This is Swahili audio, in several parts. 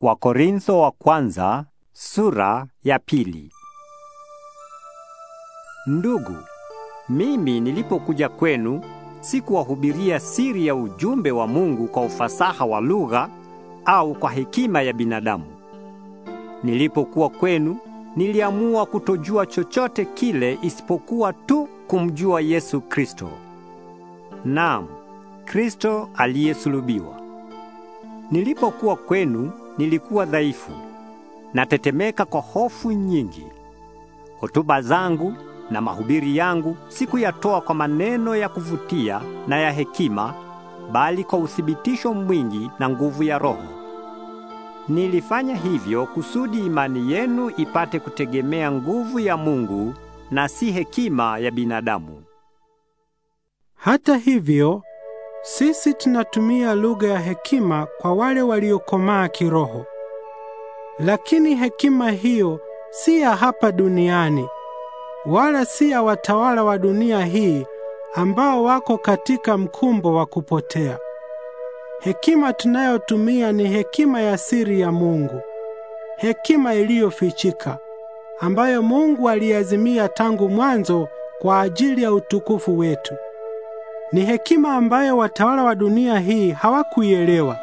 Wakorintho wa kwanza sura ya pili. Ndugu, mimi nilipokuja kwenu sikuwahubiria siri ya ujumbe wa Mungu kwa ufasaha wa lugha au kwa hekima ya binadamu. Nilipokuwa kwenu niliamua kutojua chochote kile isipokuwa tu kumjua Yesu Kristo. Naam, Kristo aliyesulubiwa. Nilipokuwa kwenu nilikuwa dhaifu, natetemeka kwa hofu nyingi. Hotuba zangu na mahubiri yangu sikuyatoa kwa maneno ya kuvutia na ya hekima, bali kwa uthibitisho mwingi na nguvu ya Roho. Nilifanya hivyo kusudi imani yenu ipate kutegemea nguvu ya Mungu na si hekima ya binadamu. Hata hivyo sisi tunatumia lugha ya hekima kwa wale waliokomaa kiroho. Lakini hekima hiyo si ya hapa duniani wala si ya watawala wa dunia hii ambao wako katika mkumbo wa kupotea. Hekima tunayotumia ni hekima ya siri ya Mungu, hekima iliyofichika ambayo Mungu aliazimia tangu mwanzo kwa ajili ya utukufu wetu. Ni hekima ambayo watawala wa dunia hii hawakuielewa.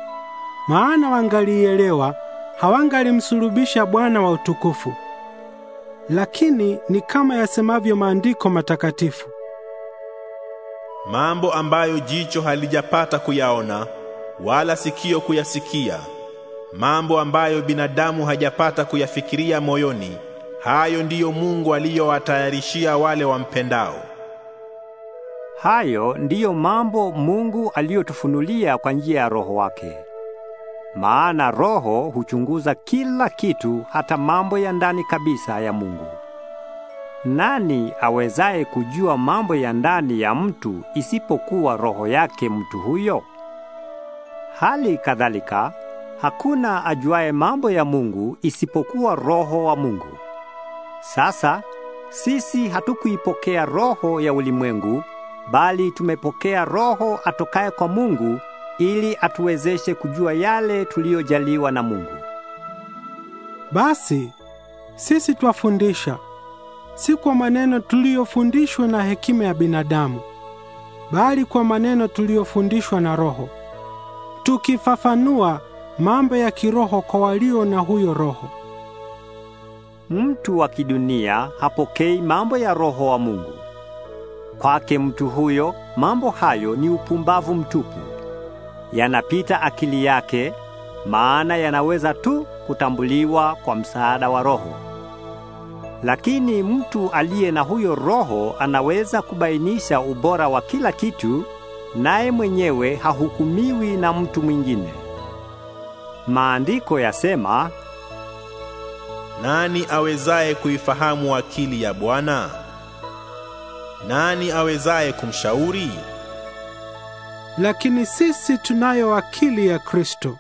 Maana wangaliielewa, hawangalimsulubisha Bwana wa utukufu. Lakini ni kama yasemavyo maandiko matakatifu, mambo ambayo jicho halijapata kuyaona wala sikio kuyasikia, mambo ambayo binadamu hajapata kuyafikiria moyoni, hayo ndiyo Mungu aliyowatayarishia wale wampendao. Hayo ndiyo mambo Mungu aliyotufunulia kwa njia ya Roho wake. Maana Roho huchunguza kila kitu, hata mambo ya ndani kabisa ya Mungu. Nani awezaye kujua mambo ya ndani ya mtu isipokuwa roho yake mtu huyo? Hali kadhalika, hakuna ajuaye mambo ya Mungu isipokuwa Roho wa Mungu. Sasa sisi hatukuipokea roho ya ulimwengu bali tumepokea Roho atokaye kwa Mungu ili atuwezeshe kujua yale tuliyojaliwa na Mungu. Basi sisi twafundisha si kwa maneno tuliyofundishwa na hekima ya binadamu, bali kwa maneno tuliyofundishwa na Roho, tukifafanua mambo ya kiroho kwa walio na huyo Roho. Mtu wa kidunia hapokei mambo ya Roho wa Mungu Kwake mtu huyo mambo hayo ni upumbavu mtupu, yanapita akili yake, maana yanaweza tu kutambuliwa kwa msaada wa Roho. Lakini mtu aliye na huyo Roho anaweza kubainisha ubora wa kila kitu, naye mwenyewe hahukumiwi na mtu mwingine. Maandiko yasema, nani awezaye kuifahamu akili ya Bwana? nani awezaye kumshauri? Lakini sisi tunayo akili ya Kristo.